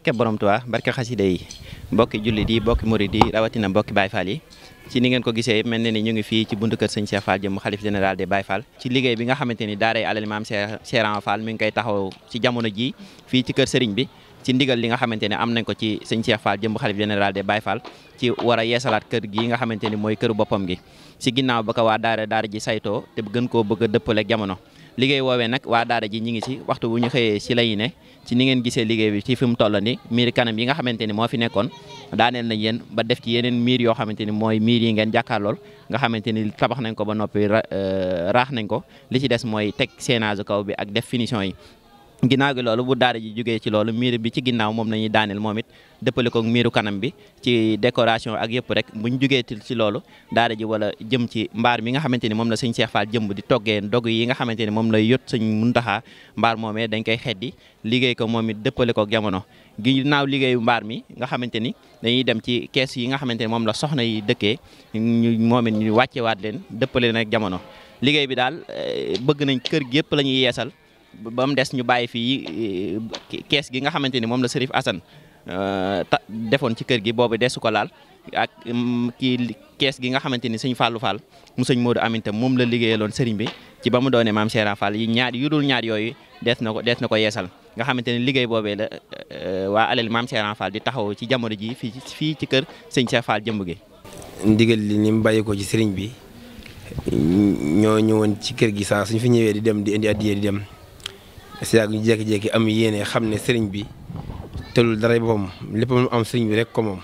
barke borom Tuubaa barke xasida yi mbokki jullit yi mbokki murid yi rawatina mbokki Baye Fall yi ci ni ngeen ko gisee mel na ni ñu ngi fii ci buntu kër sëñ Cheikh Fall jëm xalif général des Baye Fall ci liggéey bi nga xamante ni ji fii ci kër sëriñ bi ci ndigal li nga xamante ne am nañ ci sëñ Cheikh Fall jëmb xalif général des Baye Fall ci war yeesalaat kër gi nga xamante ni mooy kër boppam gi si ginnaaw ba ko waa daara daara ji saytoo te gën koo bëgg a dëppale jamono liggéey woowee nag waa daara ji ñi ngi ci waxtu wu ñu xëyee ci lay ne ci ni ngeen gisee liggéey bi ci fi mu toll ni miir kanam yi nga xamante ni moo fi nekkoon daaneel nañ yéen ba def ci yeneen miir yoo xamante ni mooy miir yi ngeen jàkkaarlool nga xamante ni tabax nañ ko ba noppi euh, raax nañ ko li ci des mooy teg seenage kaw bi ak def yi ginnaaw gi loolu bu daara ji jógee ci loolu miir bi ci ginnaaw moom la ñuy daaneel moom it dëppale ko miiru kanam bi ci décoration ak yëpp rek bu buñ jógee ci loolu daara ji wala jëm ci mbaar mi nga xamante ni moom la sëñ Cheikh Fall jëmb di toggee ndog yi nga xamante ni moom lay yot sëñ Muntaxa mbaar moomee dañ koy xeddi liggéey ko moom it dëppale ko jamono ginnaaw liggéeyu mbaar mi nga xamante ni dañuy dem ci kees yi nga xamante ni moom la soxna yi dëkkee ñu moom it ñu wàccewaat leen dëppale nag jamono liggéey bi daal eh, bëgg nañ kër gi yëpp la ñuy yeesal ba mu des ñu bàyyi fii eh, kees gi nga xamante ni moom la Serif Assane eh, ta defoon ci kër gi boobu desu ko laal ak mm, kii kees gi nga xamante ni sëñ Fallou Fall sëñ Modou Aminta moom la liggéeyaloon sëriñ bi ci ba mu doonee maam Cheikh Fall yi ñaar yu dul yooyu des na ko des na ko yeesal nga xamante ni liggéey boobee la eh, waa alal maam di taxaw ci jamono ji fii fii ci kër sëñ Cheikh Fall jëmb gi. ndigal li ni mu ko ci sëriñ bi ñoo ñëwoon ci kër gi saa suñ fi ñëwee di dem di indi addiya di dem. si yàgg ñu jékki-jékki am yéene xam ne sëriñ bi telul dara boppam lépp mu am sëriñ bi rek ko moom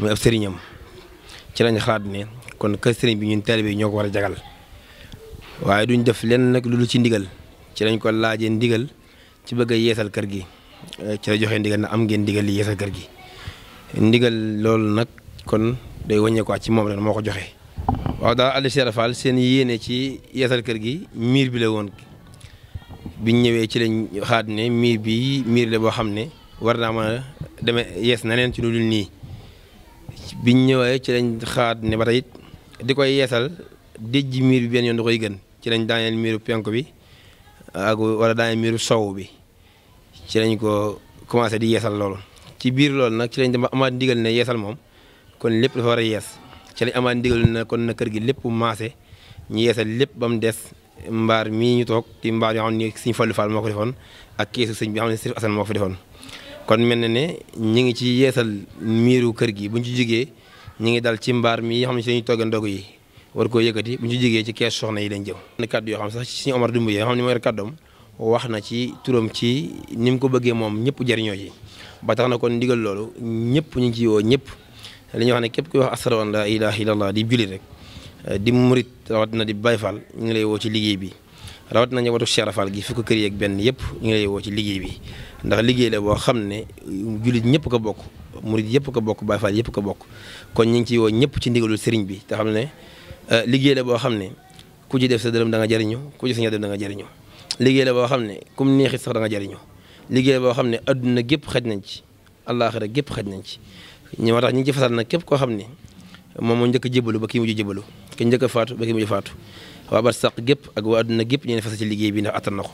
muy ab sëriñam ci lañ xalaat ne kon kër sëriñ bi ñun taalibe yi ñoo ko war a jagal waaye duñ def lenn nag lu ci ndigal ci lañ ko laajee ndigal ci bëgg a yeesal kër gi ci la joxe ndigal na am ngeen ndigal li yeesal kër gi ndigal loolu nag kon day wàññeeku ci moom rek moo ko joxe. waaw daal Aliou Cheikh Fall seen yéene ci yeesal kër gi miir bi la woon. biñ ñëwee ci lañ xaat ne miir bi miir la boo xam ne war naa mën a demee yees na leen ci lu dul nii biñ ñëwee ci lañ xaat ne ba tey it di koy yeesal déjji miir bi benn yoon da koy gën ci lañ daaneel miiru penk bi ak wala daaneel miiru sow bi ci lañ ko commencé di yeesal loolu ci biir lool nag ci lañ dem ba amaat ndigal ne yeesal moom kon lépp dafa war a yees ci lañ amaat ndigal ne kon na kër gi lépp maase ñu yeesal lépp ba mu des mbaar mii ñu toog ti mbaar yoo xam ne sëñ Fallou Fall moo ko defoon ak keesu sëñ bi xam ne Sëriñ Assane moo ko defoon kon mel na ne ñu ngi ci yeesal miiru kër gi buñ ci jigee ñu ngi dal ci mbaar mii xam ne si lañuy toggee ndogu yi war koo yëkkati buñ ci jigee ci kees soxna yi lañ jëm n kaddu yoo xam sax sëñ Omar Dumbuye yoo xam ne mooy kaddoom wax na ci turoom ci ni mu ko bëggee moom ñëpp jariñoo ci ba tax na kon ndigal loolu ñëpp ñu ngi ci woo ñëpp li ñuy wax ne képp kuy wax asalaamaaleykum la ilaha illallah di jullit Euh, di murit rawat na di Baay Faal ñu ngi lay woo ci liggéey bi rawat na njabootu Cheikh Rafal gi fukk kër yeeg benn yëpp ñu ngi lay woo ci liggéey bi ndax liggéey la boo xam ne jullit ñëpp ko bokk murit yëpp ko bokk Baay yëpp ko bokk kon ñu ngi ci ñëpp ci ndigalul sëriñ bi te xam ne euh, liggéey boo xam ne ku ci def sa dërëm danga nga jariñu ku ci sa ñaar dërëm da jariñu liggéey la boo xam ne kum neexit sax da nga jariñu liggéey la boo xam ne adduna gépp xaj nañ ci àllaaxira gépp xaj nañ ci ñoom ma tax ñi ngi ci fasal nag képp koo xam ne moom moo njëkk a jébalu ba kii mujj jébalu ki njëkk a faatu ba kii mujj faatu waa barsàq gépp ak waa adduna gépp ñu ne fas ci liggéey bi ndax attan na ko.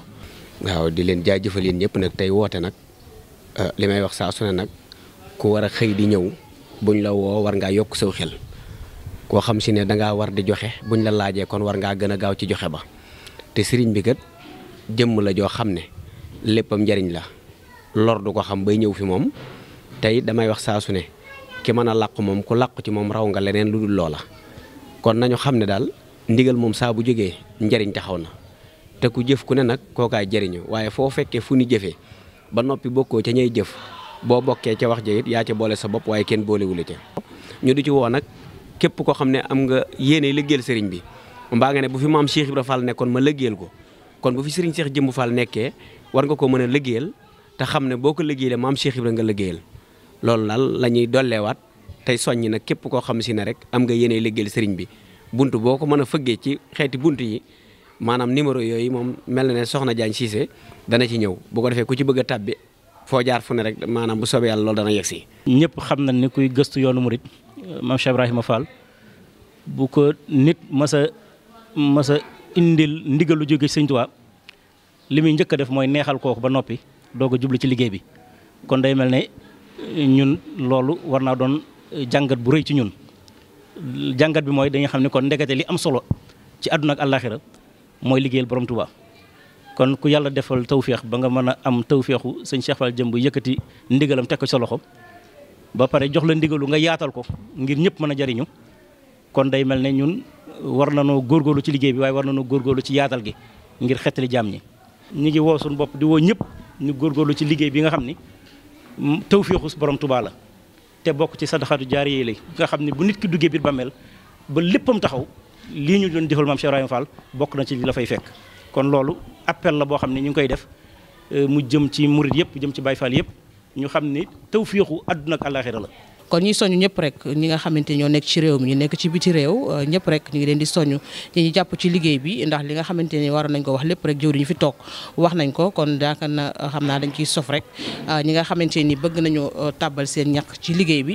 waaw di leen jaay jëfal yéen ñëpp nag tey woote nag ah, li may wax saa su ne nag ku war a xëy di ñëw buñ la woo war ngaa yokk saw xel koo xam si ne dangaa war di joxe buñ la laajee kon war ngaa gën a gaaw ci joxe ba te sëriñ bi kat jëmm la joo xam ne léppam njariñ la lor du ko xam bay ñëw fi moom tey damay wax saa su ne. ki mën a làqu moom ku làqu ci moom raw nga leneen lu dul loola kon nañu xam ne daal ndigal moom saa bu jógee njariñ taxaw na te ku jëf ku ne nag kookaay jëriñu waaye foo fekkee fu ni jëfee ba noppi bokkoo ca ñay jëf boo bokkee ca wax ja yaa ca boole sa bopp waaye kenn boolewule ca ñu di ci woo nag képp koo xam ne am nga yéene liggéeyal sëriñ bi mbaa nga ne bu fi maam Cheikh Ibra Fall nekkoon ma liggéeyal ko kon bu fi sëriñ Cheikh Jëmb Fall nekkee war nga ko mën a liggéeyal te xam ne boo ko liggéeyee maam Cheikh Ibra nga liggéeyal loolu daal la ñuy dolleewaat tey soññ nag képp koo xam si ne rek am nga yéene liggéeyal sëriñ bi bunt boo ko mën a fëggee ci xeeti bunt yi maanaam numéro yooyu moom mel na ne soxna Diagne Cissé dana ci ñëw bu ko defee ku ci bëgg a tàbbi foo jaar fu ne rek maanaam bu soobee yàlla loolu dana yegsi. ñëpp xam na ni kuy gëstu yoonu murit maam Cheikh Ibrahima Fall bu ko nit mas a a indil ndigal lu jóge Sëriñ Tuubaa li muy njëkk def mooy neexal kooku ba noppi doo ko jublu ci liggéey bi ñun loolu war naa doon jàngat bu rëy ci ñun jàngat bi mooy dañuy xam ne kon ndekete li am solo ci àdduna ak àllaaxira mooy liggéeyal borom Tuubaa kon ku yàlla defal tew feex ba nga mën a am tawféexu sëñ Cheikh Fall jëm bu yëkkati ndigalam teg ko sa loxo ba pare jox la ndigalu nga yaatal ko ngir ñëpp mën a jariñu kon day mel ne ñun war na noo góor góorgóorlu ci liggéey bi waaye war na noo nanoo góorgóorlu ci yaatal gi ngir xettali jaam ñi ñu ngi woo bopp di ñëpp ñu ci liggéey bi nga xam ni tawféexu borom tubaa la te bokk ci sadaxaatu jaar yi nga xam ne bu nit ki duggee biir bàmmeel ba léppam taxaw lii ñu doon defal maam Cheikh Ibrahima bokk na ci li la fay fekk kon loolu appel la boo xam ne ñu ngi koy def euh, mu jëm ci murit yëpp jëm ci Baay Faal yëpp ñu xam ni ne tawféexu àdduna ak àllaaxira la kon ñuy soñu ñëpp rek ñi nga xamante ñoo nekk ci réew mi nekk ci biti réew euh, ñëpp rek ñu ngi leen di soñu ñi ñu jàpp ci liggéey bi ndax li nga xamante ni war nañ ko wax lépp rek jëwriñ fi toog wax nañ ko kon daaka na xam naa dañ ciy sof rek euh, ñi nga xamante ni bëgg nañoo euh, tàbbal seen ñaq ci liggéey bi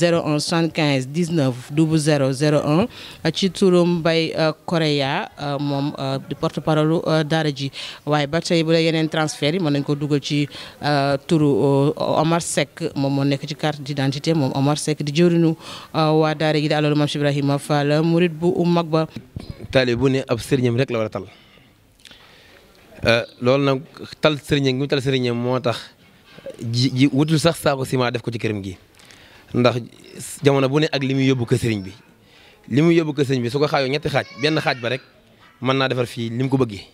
01 75 19 00 01 ci turu Mbaye euh, Korea euh, moom euh, di porte parole daara ji waaye ba tey bu dee yeneen transfert yi mën nañ ko dugal ci turu Omar Seck moom moo nekk ci carte d'identité moom Omar Seck di jëriñu waa daara ji di àlalu Mame Cheikh Ibrahima Fall murit bu mag ba. taalibe bu ne ab sëriñam rek la war tal loolu nag tal sëriñam gi mu tal sëriñam moo tax ji ji wutul sax saako ciment def ko ci këram gi. ndax jamono bu ne ak li muy yóbbu ko sëriñ bi li muy yóbbu ko sëriñ bi su ko xaajoo ñetti xaaj benn xaaj ba rek mën naa defar fii li mu ko bëggee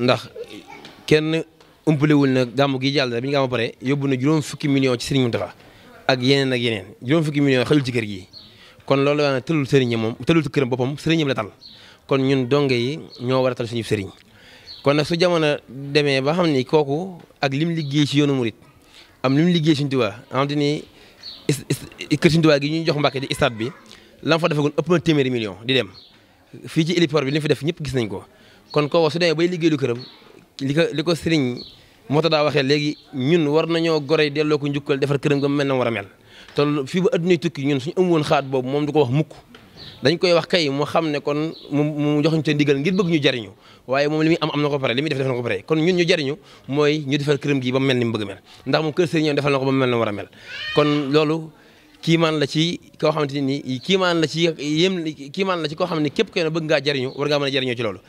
ndax kenn umpulewul na gàmmu gi jàll bi ñu gàmmu pare yóbbu na juróom fukki million ci sëriñ Mountakha ak yeneen ak yeneen juróom fukki million ci kër gi kon loolu daanaka tëlul moom tëlul këram boppam sëriñam la tal kon ñun donge yi ñoo war a tal suñu sëriñ kon nag su jamono demee ba xam ni kooku ak lim liggéey ci yoonu murit am lim liggéey suñu Tuubaa xam kër Sëriñ gi ñuy jox Mbàkke di stade bi lan fa defagoon ëpp na téeméeri million di dem fii ci héliport bi li fi def ñëpp gis nañ ko kon koo su demee bay liggéeylu këram li ko li ko sëriñ Mourtada waxee léegi ñun war nañoo gore delloo ko njukkal defar këram ga mel na war a mel te fii ba addunay tukki ñun suñ am woon xaat boobu moom du ko wax mukk dañ koy wax kay mu xam ne kon mu mu jox ñu te ndigal ngir bëgg ñu jariñu waaye moom li muy am am na ko pare li muy def def ko pare kon ñun ñu jariñu mooy ñu defal këram gi ba mu mel ni mu bëgg mel ndax moom kër sëriñ defal na ko ba mu mel ni war mel kon loolu kiimaan la ci koo xamante ni kiimaan la ci yéem kiimaan la ci koo xam ne képp koy na bëgg ngaa jariñu war ngaa mën a jariñoo ci loolu